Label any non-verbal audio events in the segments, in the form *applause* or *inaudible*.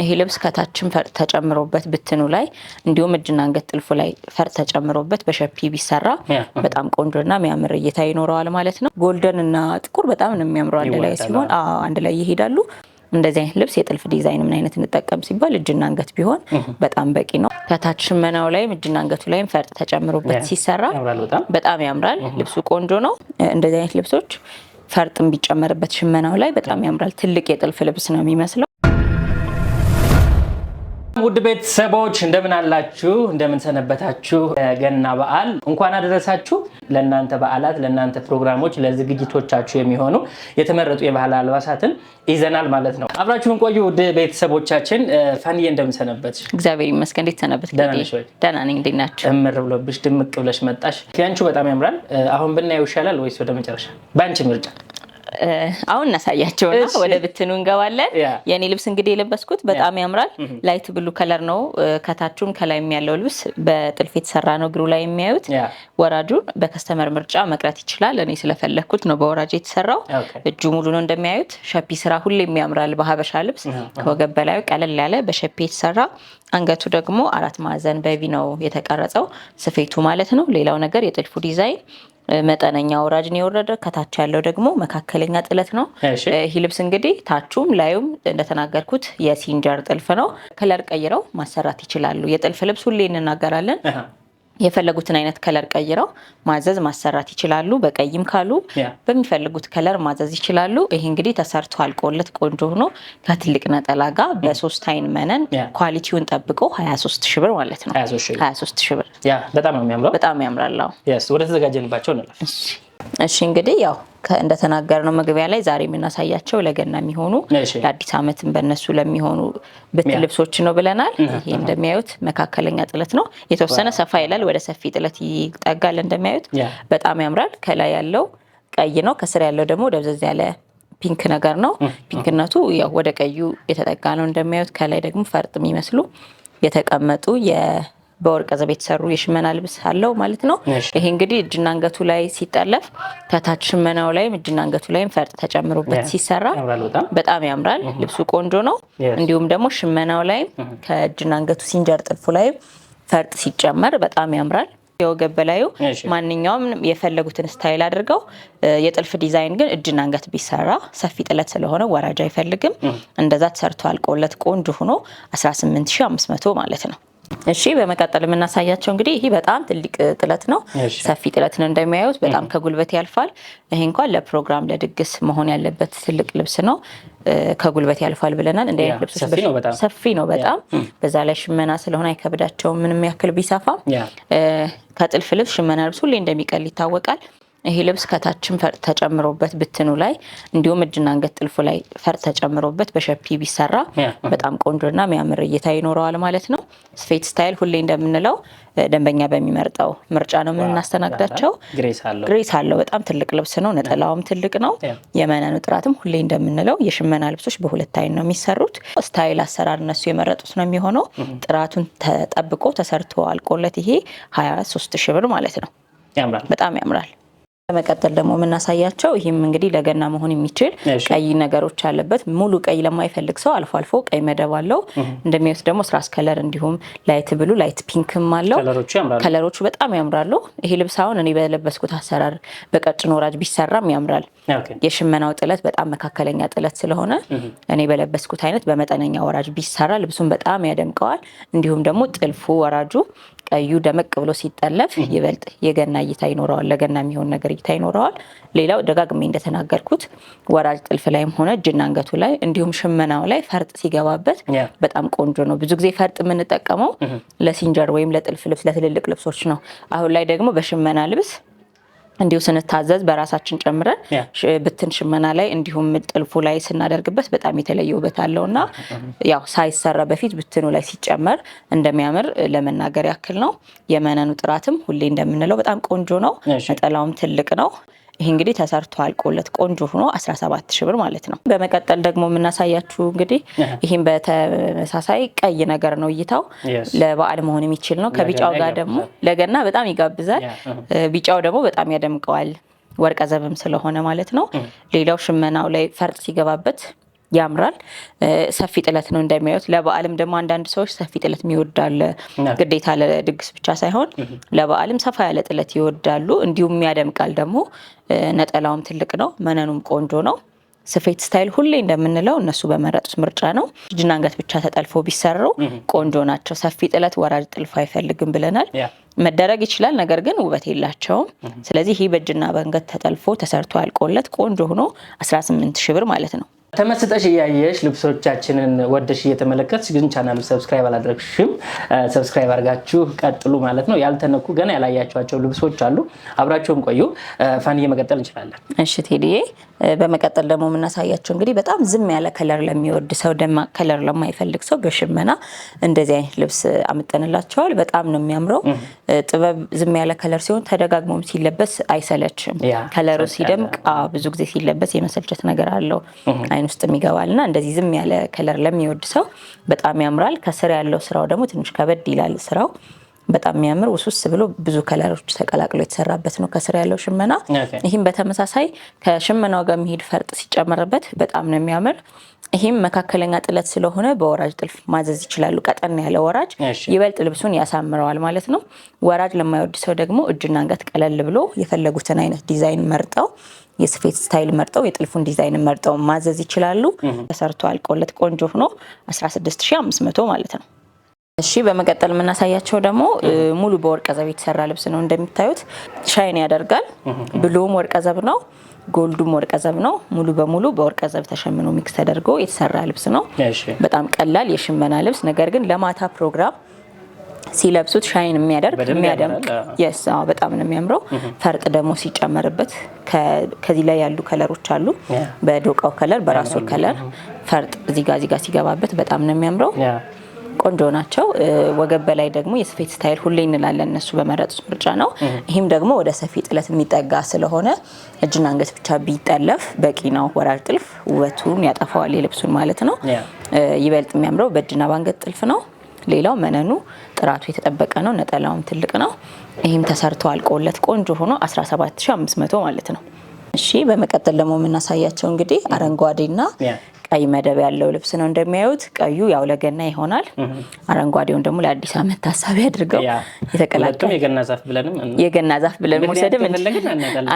ይሄ ልብስ ከታችን ፈርጥ ተጨምሮበት ብትኑ ላይ እንዲሁም እጅና አንገት ጥልፉ ላይ ፈርጥ ተጨምሮበት በሸፒ ቢሰራ በጣም ቆንጆና የሚያምር እይታ ይኖረዋል ማለት ነው። ጎልደን እና ጥቁር በጣም ነው የሚያምረው አንድ ላይ ሲሆን አንድ ላይ ይሄዳሉ። እንደዚህ አይነት ልብስ የጥልፍ ዲዛይን ምን አይነት እንጠቀም ሲባል እጅና አንገት ቢሆን በጣም በቂ ነው። ከታች ሽመናው ላይም እጅና አንገቱ ላይም ፈርጥ ተጨምሮበት ሲሰራ በጣም ያምራል። ልብሱ ቆንጆ ነው። እንደዚህ አይነት ልብሶች ፈርጥም ቢጨመርበት ሽመናው ላይ በጣም ያምራል። ትልቅ የጥልፍ ልብስ ነው የሚመስለው። ውድ ቤተሰቦች እንደምን አላችሁ? እንደምን ሰነበታችሁ? ገና በዓል እንኳን አደረሳችሁ። ለእናንተ በዓላት፣ ለእናንተ ፕሮግራሞች፣ ለዝግጅቶቻችሁ የሚሆኑ የተመረጡ የባህል አልባሳትን ይዘናል ማለት ነው። አብራችሁን ቆዩ ውድ ቤተሰቦቻችን። ፋንዬ እንደምን ሰነበት? እግዚአብሔር ይመስገን። እንዴት ሰነበት? ደህና ነኝ። እንዴት ናቸው? እምር ብሎብሽ ድምቅ ብለሽ መጣሽ። ያንቺ በጣም ያምራል። አሁን ብናየው ይሻላል ወይስ ወደ መጨረሻ? በአንቺ ምርጫ አሁን እናሳያቸውና ወደ ብትኑ እንገባለን። የእኔ ልብስ እንግዲህ የለበስኩት በጣም ያምራል። ላይት ብሉ ከለር ነው። ከታችም ከላይም ያለው ልብስ በጥልፍ የተሰራ ነው። እግሩ ላይ የሚያዩት ወራጁን በከስተመር ምርጫ መቅረት ይችላል። እኔ ስለፈለግኩት ነው በወራጅ የተሰራው። እጁ ሙሉ ነው እንደሚያዩት። ሸፒ ስራ ሁሌም ያምራል በሀበሻ ልብስ። ከወገብ በላዩ ቀለል ያለ በሸፒ የተሰራ አንገቱ ደግሞ አራት ማዕዘን በቪ ነው የተቀረጸው፣ ስፌቱ ማለት ነው። ሌላው ነገር የጥልፉ ዲዛይን መጠነኛ ወራጅ ነው የወረደ። ከታች ያለው ደግሞ መካከለኛ ጥለት ነው። ይህ ልብስ እንግዲህ ታቹም ላዩም እንደተናገርኩት የሲንጀር ጥልፍ ነው። ከለር ቀይረው ማሰራት ይችላሉ። የጥልፍ ልብስ ሁሌ እንናገራለን የፈለጉትን አይነት ከለር ቀይረው ማዘዝ ማሰራት ይችላሉ። በቀይም ካሉ በሚፈልጉት ከለር ማዘዝ ይችላሉ። ይሄ እንግዲህ ተሰርቶ አልቆለት ቆንጆ ሆኖ ከትልቅ ነጠላ ጋር በሶስት አይን መነን ኳሊቲውን ጠብቆ 23 ሺህ ብር ማለት ነው። 23 ሺህ ብር በጣም ያምራል። ወደ ተዘጋጀንባቸው እንለፍ። እሺ እንግዲህ ያው እንደተናገር ነው መግቢያ ላይ ዛሬ የምናሳያቸው ለገና የሚሆኑ ለአዲስ ዓመትም በእነሱ ለሚሆኑ ብት ልብሶች ነው ብለናል። ይሄ እንደሚያዩት መካከለኛ ጥለት ነው። የተወሰነ ሰፋ ይላል፣ ወደ ሰፊ ጥለት ይጠጋል። እንደሚያዩት በጣም ያምራል። ከላይ ያለው ቀይ ነው፣ ከስር ያለው ደግሞ ደብዘዝ ያለ ፒንክ ነገር ነው። ፒንክነቱ ያው ወደ ቀዩ የተጠጋ ነው። እንደሚያዩት ከላይ ደግሞ ፈርጥ የሚመስሉ የተቀመጡ በወርቅ ዘብ የተሰሩ የሽመና ልብስ አለው ማለት ነው። ይሄ እንግዲህ እጅና አንገቱ ላይ ሲጠለፍ ከታች ሽመናው ላይም እጅና አንገቱ ላይም ፈርጥ ተጨምሮበት ሲሰራ በጣም ያምራል። ልብሱ ቆንጆ ነው። እንዲሁም ደግሞ ሽመናው ላይም ከእጅና አንገቱ ሲንጀር ጥልፉ ላይም ፈርጥ ሲጨመር በጣም ያምራል። የወገብ በላዩ ማንኛውም የፈለጉትን ስታይል አድርገው፣ የጥልፍ ዲዛይን ግን እጅና አንገት ቢሰራ ሰፊ ጥለት ስለሆነ ወራጅ አይፈልግም። እንደዛ ተሰርቶ አልቆለት ቆንጆ ሆኖ 18500 ማለት ነው። እሺ በመቀጠል የምናሳያቸው እንግዲህ ይህ በጣም ትልቅ ጥለት ነው። ሰፊ ጥለት ነው እንደሚያዩት፣ በጣም ከጉልበት ያልፋል። ይሄ እንኳን ለፕሮግራም ለድግስ መሆን ያለበት ትልቅ ልብስ ነው። ከጉልበት ያልፋል ብለናል። እንደ አይነት ልብሶች ሰፊ ነው በጣም በዛ ላይ ሽመና ስለሆነ አይከብዳቸውም ምንም ያክል ቢሰፋ። ከጥልፍ ልብስ ሽመና ልብስ ሁሌ እንደሚቀል ይታወቃል። ይሄ ልብስ ከታችን ፈርጥ ተጨምሮበት ብትኑ ላይ እንዲሁም እጅና አንገት ጥልፉ ላይ ፈርጥ ተጨምሮበት በሸፒ ቢሰራ በጣም ቆንጆና የሚያምር እይታ ይኖረዋል ማለት ነው። ስፌት ስታይል ሁሌ እንደምንለው ደንበኛ በሚመርጠው ምርጫ ነው የምናስተናግዳቸው። ግሬስ አለው፣ በጣም ትልቅ ልብስ ነው። ነጠላውም ትልቅ ነው። የመነኑ ጥራትም ሁሌ እንደምንለው የሽመና ልብሶች በሁለት አይን ነው የሚሰሩት። ስታይል አሰራር እነሱ የመረጡት ነው የሚሆነው። ጥራቱን ተጠብቆ ተሰርቶ አልቆለት ይሄ ሀያ ሶስት ሺ ብር ማለት ነው። በጣም ያምራል። በመቀጠል ደግሞ የምናሳያቸው ይህም እንግዲህ ለገና መሆን የሚችል ቀይ ነገሮች ያለበት ሙሉ ቀይ ለማይፈልግ ሰው አልፎ አልፎ ቀይ መደብ አለው። እንደሚወስድ ደግሞ ስራስ ከለር እንዲሁም ላይት ብሉ ላይት ፒንክም አለው። ከለሮቹ በጣም ያምራሉ። ይሄ ልብስ አሁን እኔ በለበስኩት አሰራር በቀጭን ወራጅ ቢሰራም ያምራል። የሽመናው ጥለት በጣም መካከለኛ ጥለት ስለሆነ እኔ በለበስኩት አይነት በመጠነኛ ወራጅ ቢሰራ ልብሱን በጣም ያደምቀዋል። እንዲሁም ደግሞ ጥልፉ ወራጁ ቀዩ ደመቅ ብሎ ሲጠለፍ ይበልጥ የገና እይታ ይኖረዋል፣ ለገና የሚሆን ነገር እይታ ይኖረዋል። ሌላው ደጋግሜ እንደተናገርኩት ወራጅ ጥልፍ ላይም ሆነ እጅና አንገቱ ላይ እንዲሁም ሽመናው ላይ ፈርጥ ሲገባበት በጣም ቆንጆ ነው። ብዙ ጊዜ ፈርጥ የምንጠቀመው ለሲንጀር ወይም ለጥልፍ ልብስ፣ ለትልልቅ ልብሶች ነው። አሁን ላይ ደግሞ በሽመና ልብስ እንዲሁ ስንታዘዝ በራሳችን ጨምረን ብትን ሽመና ላይ እንዲሁም ጥልፉ ላይ ስናደርግበት በጣም የተለየ ውበት አለው እና ያው ሳይሰራ በፊት ብትኑ ላይ ሲጨመር እንደሚያምር ለመናገር ያክል ነው። የመነኑ ጥራትም ሁሌ እንደምንለው በጣም ቆንጆ ነው። ነጠላውም ትልቅ ነው። ይህ እንግዲህ ተሰርቶ አልቆለት ቆንጆ ሆኖ 17 ሺህ ብር ማለት ነው። በመቀጠል ደግሞ የምናሳያችሁ እንግዲህ ይህም በተመሳሳይ ቀይ ነገር ነው። እይታው ለበዓል መሆን የሚችል ነው። ከቢጫው ጋር ደግሞ ለገና በጣም ይጋብዛል። ቢጫው ደግሞ በጣም ያደምቀዋል። ወርቀ ዘብም ስለሆነ ማለት ነው። ሌላው ሽመናው ላይ ፈርጥ ሲገባበት ያምራል። ሰፊ ጥለት ነው እንደሚያዩት። ለበዓልም ደግሞ አንዳንድ ሰዎች ሰፊ ጥለት ይወዳል። ግዴታ ለድግስ ብቻ ሳይሆን ለበዓልም ሰፋ ያለ ጥለት ይወዳሉ። እንዲሁም ያደምቃል ደግሞ። ነጠላውም ትልቅ ነው፣ መነኑም ቆንጆ ነው። ስፌት ስታይል ሁሌ እንደምንለው እነሱ በመረጡት ምርጫ ነው። እጅና አንገት ብቻ ተጠልፎ ቢሰሩ ቆንጆ ናቸው። ሰፊ ጥለት ወራጅ ጥልፍ አይፈልግም ብለናል። መደረግ ይችላል፣ ነገር ግን ውበት የላቸውም። ስለዚህ ይህ በእጅና በአንገት ተጠልፎ ተሰርቶ አልቆለት ቆንጆ ሆኖ 18 ሺ ብር ማለት ነው። ተመስጠሽ እያየሽ ልብሶቻችንን ወደሽ እየተመለከትሽ ግን ቻናሉ ሰብስክራይብ አላደረግሽም፣ ሰብስክራይብ አድርጋችሁ ቀጥሉ ማለት ነው። ያልተነኩ ገና ያላያቸዋቸው ልብሶች አሉ። አብራችሁን ቆዩ። ፋንዬ መቀጠል እንችላለን። እሺ ቴዲዬ፣ በመቀጠል ደግሞ የምናሳያቸው እንግዲህ በጣም ዝም ያለ ከለር ለሚወድ ሰው፣ ደማቅ ከለር ለማይፈልግ ሰው በሽመና እንደዚህ አይነት ልብስ አምጠንላቸዋል። በጣም ነው የሚያምረው። ጥበብ ዝም ያለ ከለር ሲሆን ተደጋግሞም ሲለበስ አይሰለችም። ከለሩ ሲደምቅ ብዙ ጊዜ ሲለበስ የመሰልቸት ነገር አለው አይን ውስጥ የሚገባልና እንደዚህ ዝም ያለ ከለር ለሚወድ ሰው በጣም ያምራል። ከስር ያለው ስራው ደግሞ ትንሽ ከበድ ይላል። ስራው በጣም የሚያምር ውስውስ ብሎ ብዙ ከለሮች ተቀላቅሎ የተሰራበት ነው ከስር ያለው ሽመና። ይህም በተመሳሳይ ከሽመናው ጋር የሚሄድ ፈርጥ ሲጨመርበት በጣም ነው የሚያምር። ይህም መካከለኛ ጥለት ስለሆነ በወራጅ ጥልፍ ማዘዝ ይችላሉ። ቀጠን ያለ ወራጅ ይበልጥ ልብሱን ያሳምረዋል ማለት ነው። ወራጅ ለማይወድ ሰው ደግሞ እጅና አንገት ቀለል ብሎ የፈለጉትን አይነት ዲዛይን መርጠው የስፌት ስታይል መርጠው የጥልፉን ዲዛይን መርጠው ማዘዝ ይችላሉ። ተሰርቶ አልቆለት ቆንጆ ሆኖ 16500 ማለት ነው። እሺ በመቀጠል የምናሳያቸው ደግሞ ሙሉ በወርቀ ዘብ የተሰራ ልብስ ነው። እንደሚታዩት ሻይን ያደርጋል። ብሉም ወርቀ ዘብ ነው፣ ጎልዱም ወርቀ ዘብ ነው። ሙሉ በሙሉ በወርቀ ዘብ ተሸምኖ ሚክስ ተደርጎ የተሰራ ልብስ ነው። በጣም ቀላል የሽመና ልብስ ነገር ግን ለማታ ፕሮግራም ሲለብሱት ሻይን የሚያደርግ የሚያደምቅ የስ በጣም ነው የሚያምረው። ፈርጥ ደግሞ ሲጨመርበት ከዚህ ላይ ያሉ ከለሮች አሉ። በዶቃው ከለር፣ በራሱ ከለር ፈርጥ እዚጋ እዚጋ ሲገባበት በጣም ነው የሚያምረው። ቆንጆ ናቸው። ወገብ በላይ ደግሞ የስፌት ስታይል ሁሌ እንላለን እነሱ በመረጡት ምርጫ ነው። ይህም ደግሞ ወደ ሰፊ ጥለት የሚጠጋ ስለሆነ እጅና አንገት ብቻ ቢጠለፍ በቂ ነው። ወራጅ ጥልፍ ውበቱን ያጠፋዋል የልብሱን ማለት ነው። ይበልጥ የሚያምረው በእጅና በአንገት ጥልፍ ነው። ሌላው መነኑ ጥራቱ የተጠበቀ ነው። ነጠላውም ትልቅ ነው። ይህም ተሰርቶ አልቆለት ቆንጆ ሆኖ 17500 ማለት ነው። እሺ በመቀጠል ደግሞ የምናሳያቸው እንግዲህ አረንጓዴና ቀይ መደብ ያለው ልብስ ነው እንደሚያዩት። ቀዩ ያው ለገና ይሆናል። አረንጓዴውን ደግሞ ለአዲስ ዓመት ታሳቢ አድርገው የተቀላቀለ የገና ዛፍ ብለን መውሰድም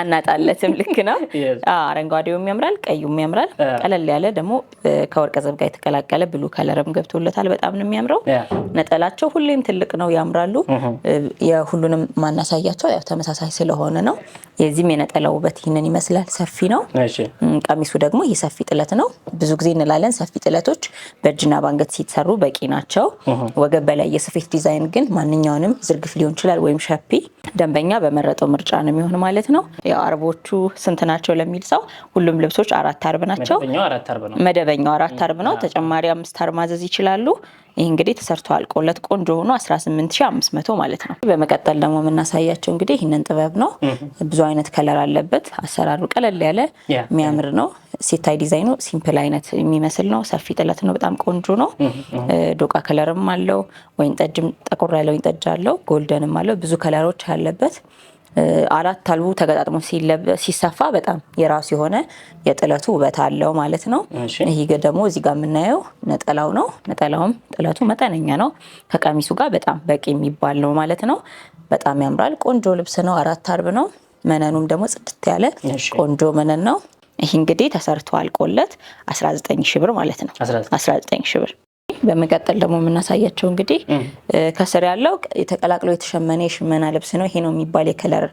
አናጣለትም። ልክ ነው። *laughs* አረንጓዴውም ያምራል፣ ቀዩም ያምራል። ቀለል ያለ ደግሞ ከወርቀ ዘብ ጋር የተቀላቀለ ብሉ ከለርም ገብቶለታል። በጣም ነው የሚያምረው። ነጠላቸው ሁሌም ትልቅ ነው፣ ያምራሉ። የሁሉንም ማናሳያቸው ያው ተመሳሳይ ስለሆነ ነው። የዚህም የነጠላ ውበት ይህንን ይመስላል። ሰፊ ነው። ቀሚሱ ደግሞ ይህ ሰፊ ጥለት ነው ብዙ ጊዜ ጊዜ እንላለን ሰፊ ጥለቶች በእጅና በአንገት ሲሰሩ በቂ ናቸው። ወገብ በላይ የስፌት ዲዛይን ግን ማንኛውንም ዝርግፍ ሊሆን ይችላል ወይም ሸፒ ደንበኛ በመረጠው ምርጫ ነው የሚሆን ማለት ነው። ያው አርቦቹ ስንት ናቸው ለሚል ሰው ሁሉም ልብሶች አራት አርብ ናቸው። መደበኛው አራት አርብ ነው። ተጨማሪ አምስት አርብ ማዘዝ ይችላሉ። ይህ እንግዲህ ተሰርቶ አልቆለት ቆንጆ ሆኖ 18500 ማለት ነው። በመቀጠል ደግሞ የምናሳያቸው እንግዲህ ይህንን ጥበብ ነው። ብዙ አይነት ከለር አለበት። አሰራሩ ቀለል ያለ የሚያምር ነው። ሲታይ ዲዛይኑ ሲምፕል አይነት የሚመስል ነው። ሰፊ ጥለት ነው። በጣም ቆንጆ ነው። ዶቃ ከለርም አለው። ወይን ጠጅም ጠቁር ያለ ወይን ጠጅ አለው። ጎልደንም አለው። ብዙ ከለሮች አለበት። አራት አልቡ ተገጣጥሞ ሲሰፋ በጣም የራሱ የሆነ የጥለቱ ውበት አለው ማለት ነው። ይህ ደግሞ እዚህ ጋር የምናየው ነጠላው ነው። ነጠላውም ጥለቱ መጠነኛ ነው። ከቀሚሱ ጋር በጣም በቂ የሚባል ነው ማለት ነው። በጣም ያምራል። ቆንጆ ልብስ ነው። አራት አርብ ነው። መነኑም ደግሞ ጽድት ያለ ቆንጆ መነን ነው። ይህ እንግዲህ ተሰርቶ አልቆለት 19 ሺ ብር ማለት ነው። 19 ሺ ብር በመቀጠል ደግሞ የምናሳያቸው እንግዲህ ከስር ያለው ተቀላቅሎ የተሸመነ የሽመና ልብስ ነው። ይሄ ነው የሚባል የከለር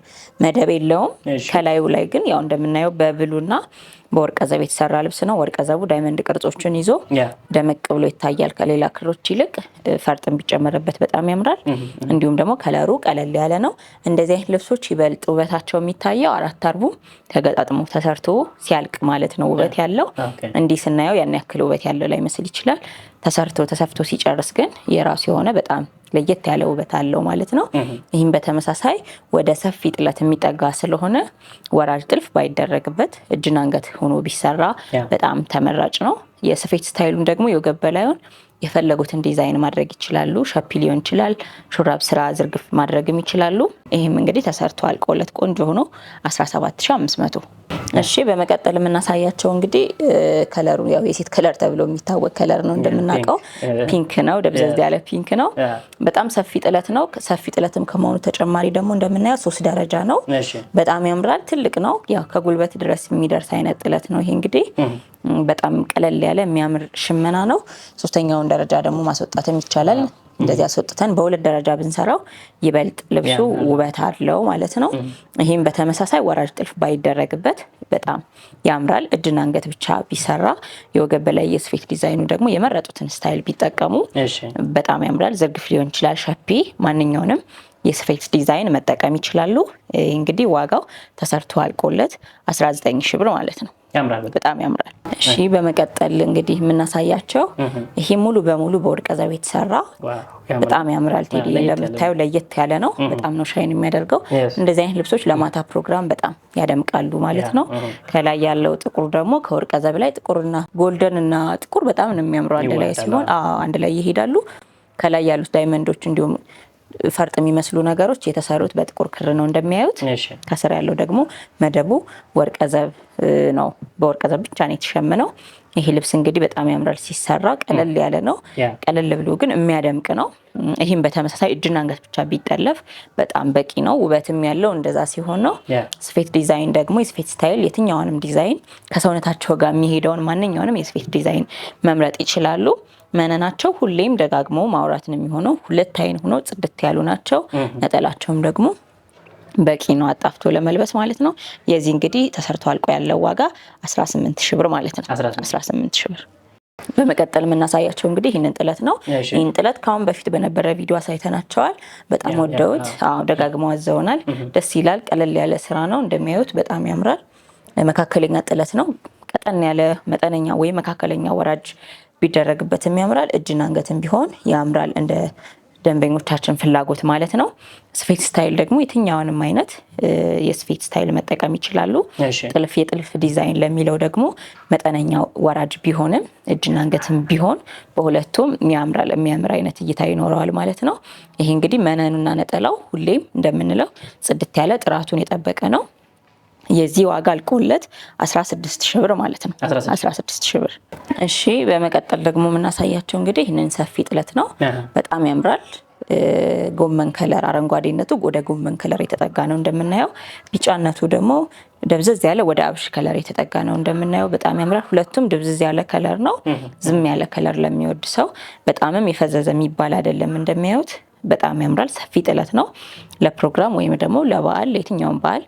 መደብ የለውም። ከላዩ ላይ ግን ያው እንደምናየው በብሉና በወርቀ ዘብ የተሰራ ልብስ ነው። ወርቀ ዘቡ ዳይመንድ ቅርጾችን ይዞ ደመቅ ብሎ ይታያል ከሌላ ክሮች ይልቅ። ፈርጥን ቢጨመርበት በጣም ያምራል። እንዲሁም ደግሞ ከለሩ ቀለል ያለ ነው። እንደዚህ አይነት ልብሶች ይበልጥ ውበታቸው የሚታየው አራት አርቡ ተገጣጥሞ ተሰርቶ ሲያልቅ ማለት ነው። ውበት ያለው እንዲህ ስናየው ያን ያክል ውበት ያለው ላይመስል ይችላል። ተሰርቶ ተሰፍቶ ሲጨርስ ግን የራሱ የሆነ በጣም ለየት ያለ ውበት አለው ማለት ነው። ይህም በተመሳሳይ ወደ ሰፊ ጥለት የሚጠጋ ስለሆነ ወራጅ ጥልፍ ባይደረግበት እጅና አንገት ሆኖ ቢሰራ በጣም ተመራጭ ነው። የስፌት ስታይሉን ደግሞ የወገብ በላዩን የፈለጉትን ዲዛይን ማድረግ ይችላሉ። ሸፒ ሊሆን ይችላል፣ ሹራብ ስራ ዝርግፍ ማድረግም ይችላሉ። ይህም እንግዲህ ተሰርቶ አልቆለት ቆንጆ ሆኖ 17500። እሺ በመቀጠል የምናሳያቸው እንግዲህ ከለሩ ያው የሴት ከለር ተብሎ የሚታወቅ ከለር ነው እንደምናውቀው፣ ፒንክ ነው። ደብዘዝ ያለ ፒንክ ነው። በጣም ሰፊ ጥለት ነው። ሰፊ ጥለትም ከመሆኑ ተጨማሪ ደግሞ እንደምናየው ሶስት ደረጃ ነው። በጣም ያምራል። ትልቅ ነው። ያው ከጉልበት ድረስ የሚደርስ አይነት ጥለት ነው ይሄ እንግዲህ በጣም ቀለል ያለ የሚያምር ሽመና ነው። ሶስተኛውን ደረጃ ደግሞ ማስወጣትም ይቻላል። እንደዚህ አስወጥተን በሁለት ደረጃ ብንሰራው ይበልጥ ልብሱ ውበት አለው ማለት ነው። ይህም በተመሳሳይ ወራጅ ጥልፍ ባይደረግበት በጣም ያምራል። እጅና አንገት ብቻ ቢሰራ፣ የወገብ በላይ የስፌት ዲዛይኑ ደግሞ የመረጡትን ስታይል ቢጠቀሙ በጣም ያምራል። ዝርግፍ ሊሆን ይችላል፣ ሸፒ፣ ማንኛውንም የስፌት ዲዛይን መጠቀም ይችላሉ። እንግዲህ ዋጋው ተሰርቶ አልቆለት 19 ሺ ብር ማለት ነው። ያምራል፣ በጣም ያምራል። እሺ፣ በመቀጠል እንግዲህ የምናሳያቸው ይሄ ሙሉ በሙሉ በወርቅ ዘብ የተሰራ በጣም ያምራል። ቴዲ እንደምታየው ለየት ያለ ነው። በጣም ነው ሻይን የሚያደርገው። እንደዚህ አይነት ልብሶች ለማታ ፕሮግራም በጣም ያደምቃሉ ማለት ነው። ከላይ ያለው ጥቁር ደግሞ ከወርቅ ዘብ ላይ ጥቁርና ጎልደን እና ጥቁር በጣም ነው የሚያምረው አንድ ላይ ሲሆን አንድ ላይ ይሄዳሉ። ከላይ ያሉት ዳይመንዶች እንዲሁም ፈርጥ የሚመስሉ ነገሮች የተሰሩት በጥቁር ክር ነው እንደሚያዩት። ከስር ያለው ደግሞ መደቡ ወርቀዘብ ነው። በወርቀዘብ ብቻ ነው የተሸምነው። ይሄ ልብስ እንግዲህ በጣም ያምራል ሲሰራ፣ ቀለል ያለ ነው። ቀለል ብሎ ግን የሚያደምቅ ነው። ይህም በተመሳሳይ እጅና አንገት ብቻ ቢጠለፍ በጣም በቂ ነው። ውበትም ያለው እንደዛ ሲሆን ነው። ስፌት ዲዛይን ደግሞ የስፌት ስታይል የትኛውንም ዲዛይን ከሰውነታቸው ጋር የሚሄደውን ማንኛውንም የስፌት ዲዛይን መምረጥ ይችላሉ። መነናቸው ሁሌም ደጋግሞ ማውራት ነው የሚሆነው። ሁለት አይን ሆኖ ጽድት ያሉ ናቸው። ነጠላቸውም ደግሞ በቂ ነው አጣፍቶ ለመልበስ ማለት ነው። የዚህ እንግዲህ ተሰርቶ አልቆ ያለው ዋጋ 18 ሺህ ብር ማለት ነው። 18 ሺህ ብር። በመቀጠል የምናሳያቸው እንግዲህ ይህንን ጥለት ነው። ይህን ጥለት ከአሁን በፊት በነበረ ቪዲዮ አሳይተናቸዋል። በጣም ወደውት ደጋግሞ አዘውናል። ደስ ይላል። ቀለል ያለ ስራ ነው እንደሚያዩት በጣም ያምራል። መካከለኛ ጥለት ነው። ቀጠን ያለ መጠነኛ ወይም መካከለኛ ወራጅ ቢደረግበትም ያምራል። እጅና አንገትም ቢሆን ያምራል እንደ ደንበኞቻችን ፍላጎት ማለት ነው። ስፌት ስታይል ደግሞ የትኛውንም አይነት የስፌት ስታይል መጠቀም ይችላሉ። ጥልፍ የጥልፍ ዲዛይን ለሚለው ደግሞ መጠነኛ ወራጅ ቢሆንም እጅና አንገትም ቢሆን በሁለቱም ያምራል፣ የሚያምር አይነት እይታ ይኖረዋል ማለት ነው። ይሄ እንግዲህ መነኑና ነጠላው ሁሌም እንደምንለው ጽድት ያለ ጥራቱን የጠበቀ ነው። የዚህ ዋጋ አልቆለት 16 ሺህ ብር ማለት ነው። 16 ሺህ ብር። እሺ፣ በመቀጠል ደግሞ የምናሳያቸው እንግዲህ ይህንን ሰፊ ጥለት ነው። በጣም ያምራል። ጎመን ከለር አረንጓዴነቱ ወደ ጎመን ከለር የተጠጋ ነው እንደምናየው። ቢጫነቱ ደግሞ ደብዘዝ ያለ ወደ አብሽ ከለር የተጠጋ ነው እንደምናየው። በጣም ያምራል። ሁለቱም ድብዝዝ ያለ ከለር ነው። ዝም ያለ ከለር ለሚወድ ሰው በጣምም የፈዘዘ የሚባል አይደለም እንደሚያዩት በጣም ያምራል። ሰፊ ጥለት ነው። ለፕሮግራም ወይም ደግሞ ለበዓል የትኛውን በዓል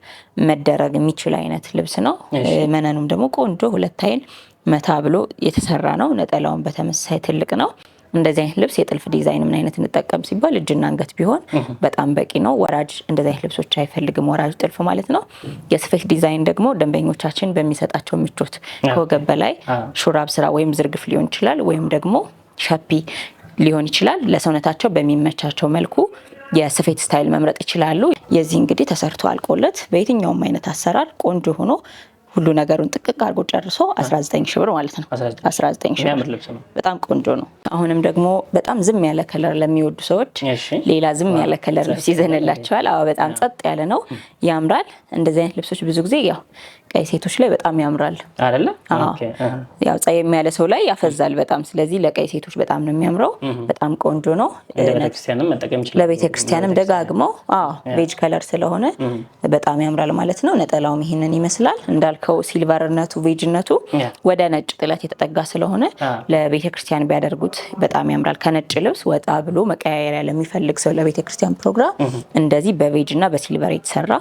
መደረግ የሚችል አይነት ልብስ ነው። መነኑም ደግሞ ቆንጆ ሁለት አይን መታ ብሎ የተሰራ ነው። ነጠላውን በተመሳሳይ ትልቅ ነው። እንደዚህ አይነት ልብስ የጥልፍ ዲዛይን ምን አይነት እንጠቀም ሲባል እጅና አንገት ቢሆን በጣም በቂ ነው። ወራጅ እንደዚህ አይነት ልብሶች አይፈልግም፣ ወራጅ ጥልፍ ማለት ነው። የስፌት ዲዛይን ደግሞ ደንበኞቻችን በሚሰጣቸው ምቾት ከወገብ በላይ ሹራብ ስራ ወይም ዝርግፍ ሊሆን ይችላል ወይም ደግሞ ሸፒ ሊሆን ይችላል። ለሰውነታቸው በሚመቻቸው መልኩ የስፌት ስታይል መምረጥ ይችላሉ። የዚህ እንግዲህ ተሰርቶ አልቆለት በየትኛውም አይነት አሰራር ቆንጆ ሆኖ ሁሉ ነገሩን ጥቅቅ አድርጎ ጨርሶ 19 ሺህ ብር ማለት ነው። 19 ብር በጣም ቆንጆ ነው። አሁንም ደግሞ በጣም ዝም ያለ ከለር ለሚወዱ ሰዎች ሌላ ዝም ያለ ከለር ልብስ ይዘንላቸዋል። አዎ በጣም ጸጥ ያለ ነው፣ ያምራል። እንደዚህ አይነት ልብሶች ብዙ ጊዜ ያው ቀይ ሴቶች ላይ በጣም ያምራል አይደለ? ያው ጸየም ያለ ሰው ላይ ያፈዛል በጣም። ስለዚህ ለቀይ ሴቶች በጣም ነው የሚያምረው። በጣም ቆንጆ ነው። ለቤተ ክርስቲያንም ደጋግመው ቤጅ ከለር ስለሆነ በጣም ያምራል ማለት ነው። ነጠላውም ይህንን ይመስላል እንዳልከው ሲልቨርነቱ ቤጅነቱ ወደ ነጭ ጥለት የተጠጋ ስለሆነ ለቤተ ክርስቲያን ቢያደርጉት በጣም ያምራል። ከነጭ ልብስ ወጣ ብሎ መቀያየሪያ ለሚፈልግ ሰው ለቤተ ክርስቲያን ፕሮግራም እንደዚህ በቤጅ እና በሲልቨር የተሰራ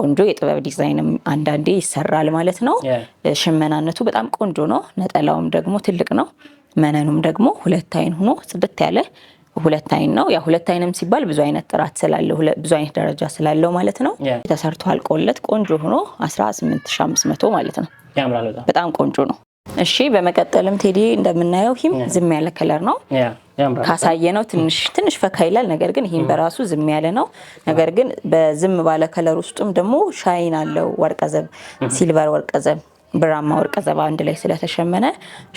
ቆንጆ የጥበብ ዲዛይንም አንዳንዴ ይሰራል። ያምራል ማለት ነው። ሽመናነቱ በጣም ቆንጆ ነው። ነጠላውም ደግሞ ትልቅ ነው። መነኑም ደግሞ ሁለት አይን ሆኖ ጽድት ያለ ሁለት አይን ነው። ያ ሁለት አይንም ሲባል ብዙ አይነት ጥራት ስላለው ብዙ አይነት ደረጃ ስላለው ማለት ነው። ተሰርቶ አልቆለት ቆንጆ ሆኖ 18500 ማለት ነው። በጣም ቆንጆ ነው። እሺ በመቀጠልም ቴዲ እንደምናየው ሂም ዝም ያለ ከለር ነው ካሳየ ነው ትንሽ ትንሽ ፈካ ይላል። ነገር ግን ይህም በራሱ ዝም ያለ ነው። ነገር ግን በዝም ባለ ከለር ውስጡም ደግሞ ሻይን አለው። ወርቀዘብ ሲልቨር ወርቀዘብ ብራማ ወርቀ ዘባ አንድ ላይ ስለተሸመነ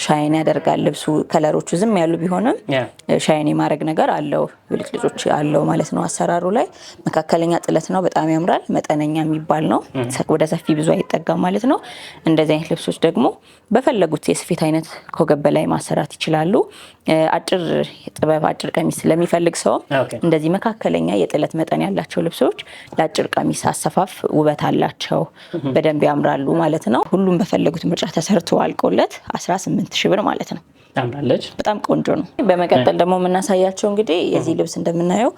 ሻይን ያደርጋል ልብሱ። ከለሮቹ ዝም ያሉ ቢሆንም ሻይን የማድረግ ነገር አለው ብልጭልጮች አለው ማለት ነው። አሰራሩ ላይ መካከለኛ ጥለት ነው፣ በጣም ያምራል። መጠነኛ የሚባል ነው፣ ወደ ሰፊ ብዙ አይጠጋም ማለት ነው። እንደዚህ አይነት ልብሶች ደግሞ በፈለጉት የስፌት አይነት ከወገብ በላይ ማሰራት ይችላሉ። አጭር ጥበብ አጭር ቀሚስ ለሚፈልግ ሰው እንደዚህ መካከለኛ የጥለት መጠን ያላቸው ልብሶች ለአጭር ቀሚስ አሰፋፍ ውበት አላቸው፣ በደንብ ያምራሉ ማለት ነው ሁሉም በፈለጉት ምርጫ ተሰርቶ አልቆለት 18 ሺህ ብር ማለት ነው። በጣም ቆንጆ ነው። በመቀጠል ደግሞ የምናሳያቸው እንግዲህ የዚህ ልብስ እንደምናየው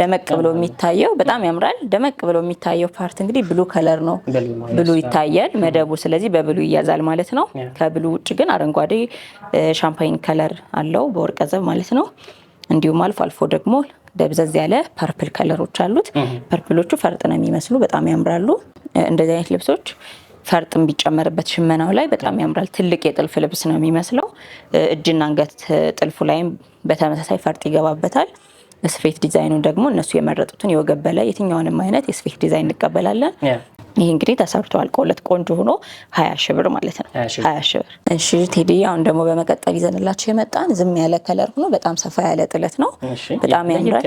ደመቅ ብሎ የሚታየው በጣም ያምራል። ደመቅ ብሎ የሚታየው ፓርት እንግዲህ ብሉ ከለር ነው። ብሉ ይታያል መደቡ፣ ስለዚህ በብሉ ይያዛል ማለት ነው። ከብሉ ውጭ ግን አረንጓዴ ሻምፓይን ከለር አለው ዘብ ማለት ነው። እንዲሁም አልፎ አልፎ ደግሞ ደብዘዝ ያለ ፐርፕል ከለሮች አሉት። ፐርፕሎቹ ፈርጥ ነው የሚመስሉ በጣም ያምራሉ። እንደዚህ አይነት ልብሶች ፈርጥም ቢጨመርበት ሽመናው ላይ በጣም ያምራል። ትልቅ የጥልፍ ልብስ ነው የሚመስለው። እጅና አንገት ጥልፉ ላይም በተመሳሳይ ፈርጥ ይገባበታል። ስፌት ዲዛይኑ ደግሞ እነሱ የመረጡትን የወገብ በላይ የትኛውንም አይነት የስፌት ዲዛይን እንቀበላለን። ይህ እንግዲህ ተሰርቶ አልቆለት ቆንጆ ሆኖ ሀያ ሺህ ብር ማለት ነው። ሀያ ሺህ ብር። እሺ ቴዲ፣ አሁን ደግሞ በመቀጠል ይዘንላቸው የመጣን ዝም ያለ ከለር ሆኖ በጣም ሰፋ ያለ ጥለት ነው። በጣም ያምራል።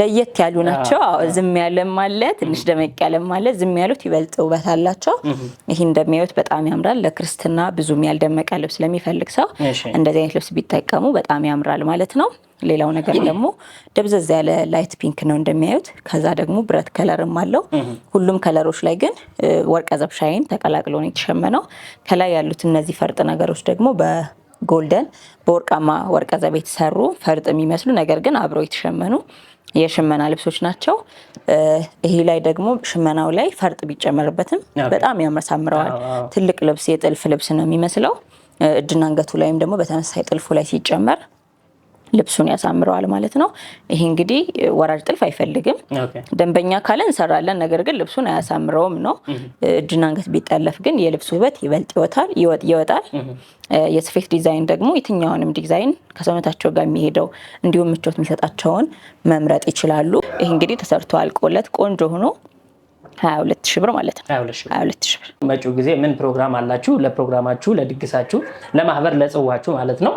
ለየት ያሉ ናቸው። ዝም ያለም አለ፣ ትንሽ ደመቅ ያለም አለ። ዝም ያሉት ይበልጥ ውበት አላቸው። ይህ እንደሚያዩት በጣም ያምራል። ለክርስትና ብዙም ያልደመቀ ልብስ ለሚፈልግ ሰው እንደዚህ አይነት ልብስ ቢጠቀሙ በጣም ያምራል ማለት ነው። ሌላው ነገር ደግሞ ደብዘዝ ያለ ላይት ፒንክ ነው እንደሚያዩት። ከዛ ደግሞ ብረት ከለርም አለው። ሁሉም ከለሮች ላይ ላይ ግን ወርቀ ዘብ ሻይን ተቀላቅሎ ነው የተሸመነው። ከላይ ያሉት እነዚህ ፈርጥ ነገሮች ደግሞ በጎልደን በወርቃማ ወርቀ ዘብ የተሰሩ ፈርጥ የሚመስሉ ነገር ግን አብረው የተሸመኑ የሽመና ልብሶች ናቸው። ይሄ ላይ ደግሞ ሽመናው ላይ ፈርጥ ቢጨመርበትም በጣም ያመሳምረዋል። ትልቅ ልብስ የጥልፍ ልብስ ነው የሚመስለው። እጅና አንገቱ ላይም ደግሞ በተመሳሳይ ጥልፉ ላይ ሲጨመር ልብሱን ያሳምረዋል ማለት ነው። ይሄ እንግዲህ ወራጅ ጥልፍ አይፈልግም። ደንበኛ ካለ እንሰራለን፣ ነገር ግን ልብሱን አያሳምረውም ነው። እጅና አንገት ቢጠለፍ ግን የልብሱ ውበት ይበልጥ ይወጣል። የስፌት ዲዛይን ደግሞ የትኛውንም ዲዛይን ከሰውነታቸው ጋር የሚሄደው እንዲሁም ምቾት የሚሰጣቸውን መምረጥ ይችላሉ። ይህ እንግዲህ ተሰርቶ አልቆለት ቆንጆ ሆኖ 22 ሺህ ብር ማለት ነው። 22 ሺህ ብር መጪው ጊዜ ምን ፕሮግራም አላችሁ? ለፕሮግራማችሁ፣ ለድግሳችሁ፣ ለማህበር፣ ለጽዋችሁ ማለት ነው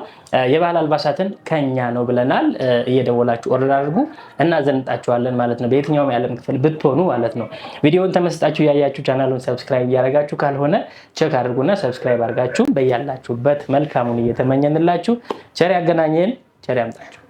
የባህል አልባሳትን ከኛ ነው ብለናል። እየደወላችሁ ኦርደር አድርጉ እና ማለት ነው። በየትኛውም የዓለም ክፍል ብትሆኑ ማለት ነው። ቪዲዮን ተመስጣችሁ ያያችሁ ቻናሉን ሰብስክራይብ እያደረጋችሁ ካልሆነ ቸክ አድርጉና ሰብስክራይብ አድርጋችሁ በያላችሁበት መልካሙን እየተመኘንላችሁ ቸር ያገናኘን፣ ቸር ያምጣችሁ።